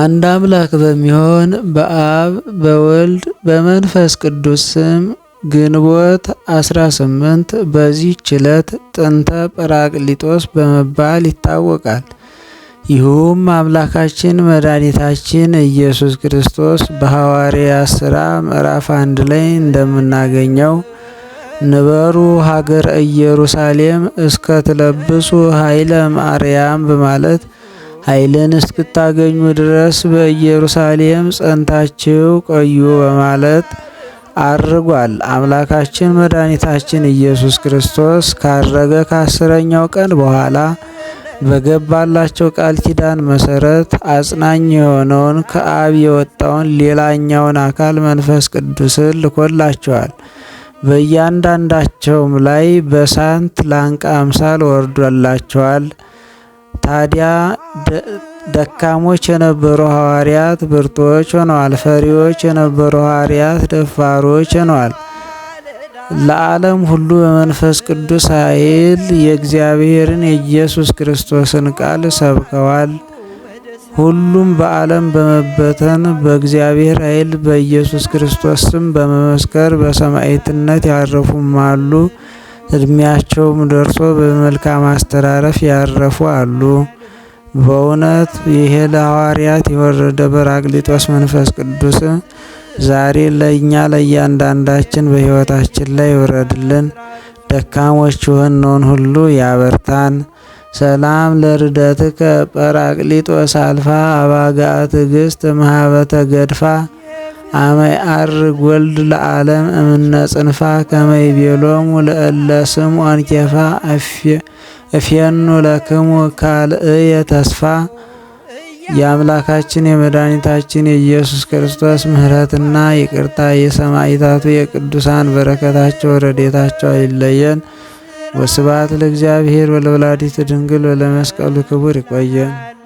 አንድ አምላክ በሚሆን በአብ በወልድ በመንፈስ ቅዱስ ስም ግንቦት 18 በዚህች ዕለት ጥንተ ጰራቅሊጦስ በመባል ይታወቃል። ይህም አምላካችን መድኃኒታችን ኢየሱስ ክርስቶስ በሐዋርያ ሥራ ምዕራፍ አንድ ላይ እንደምናገኘው ንበሩ ሀገር ኢየሩሳሌም እስከ ትለብሱ ኃይለ ማርያም በማለት ኃይልን እስክታገኙ ድረስ በኢየሩሳሌም ጸንታችሁ ቆዩ በማለት አድርጓል። አምላካችን መድኃኒታችን ኢየሱስ ክርስቶስ ካረገ ከአስረኛው ቀን በኋላ በገባላቸው ቃል ኪዳን መሰረት አጽናኝ የሆነውን ከአብ የወጣውን ሌላኛውን አካል መንፈስ ቅዱስን ልኮላቸዋል። በእያንዳንዳቸውም ላይ በሳንት ላንቃ አምሳል ወርዶላቸዋል። ታዲያ ደካሞች የነበሩ ሐዋርያት ብርቶች ሆነዋል። ፈሪዎች የነበሩ ሐዋርያት ደፋሮች ሆነዋል። ለዓለም ሁሉ በመንፈስ ቅዱስ ኃይል የእግዚአብሔርን የኢየሱስ ክርስቶስን ቃል ሰብከዋል። ሁሉም በዓለም በመበተን በእግዚአብሔር ኃይል በኢየሱስ ክርስቶስ ስም በመመስከር በሰማዕትነት ያረፉም አሉ። እድሜያቸው ደርሶ በመልካም አስተራረፍ ያረፉ አሉ። በእውነት ይሄ ለሐዋርያት የወረደ በራቅሊጦስ መንፈስ ቅዱስ ዛሬ ለእኛ ለእያንዳንዳችን በሕይወታችን ላይ ይውረድልን። ደካሞች የሆንነውን ሁሉ ያበርታን። ሰላም ለርደትከ ጰራቅሊጦስ አልፋ አባጋ ትዕግስት ማህበተ ገድፋ አመይ አርግ ወልድ ለዓለም እምነ ጽንፋ ከመይ ቤሎም ለእለ ስም ወንኬፋ እፌኑ ለክሙ ካልእየ ተስፋ። የአምላካችን የመድኃኒታችን የኢየሱስ ክርስቶስ ምሕረትና ይቅርታ የሰማዕታቱ የቅዱሳን በረከታቸው ረዴታቸው አይለየን። ወስብሐት ለእግዚአብሔር ወለወላዲቱ ድንግል ወለመስቀሉ ክቡር። ይቆየን።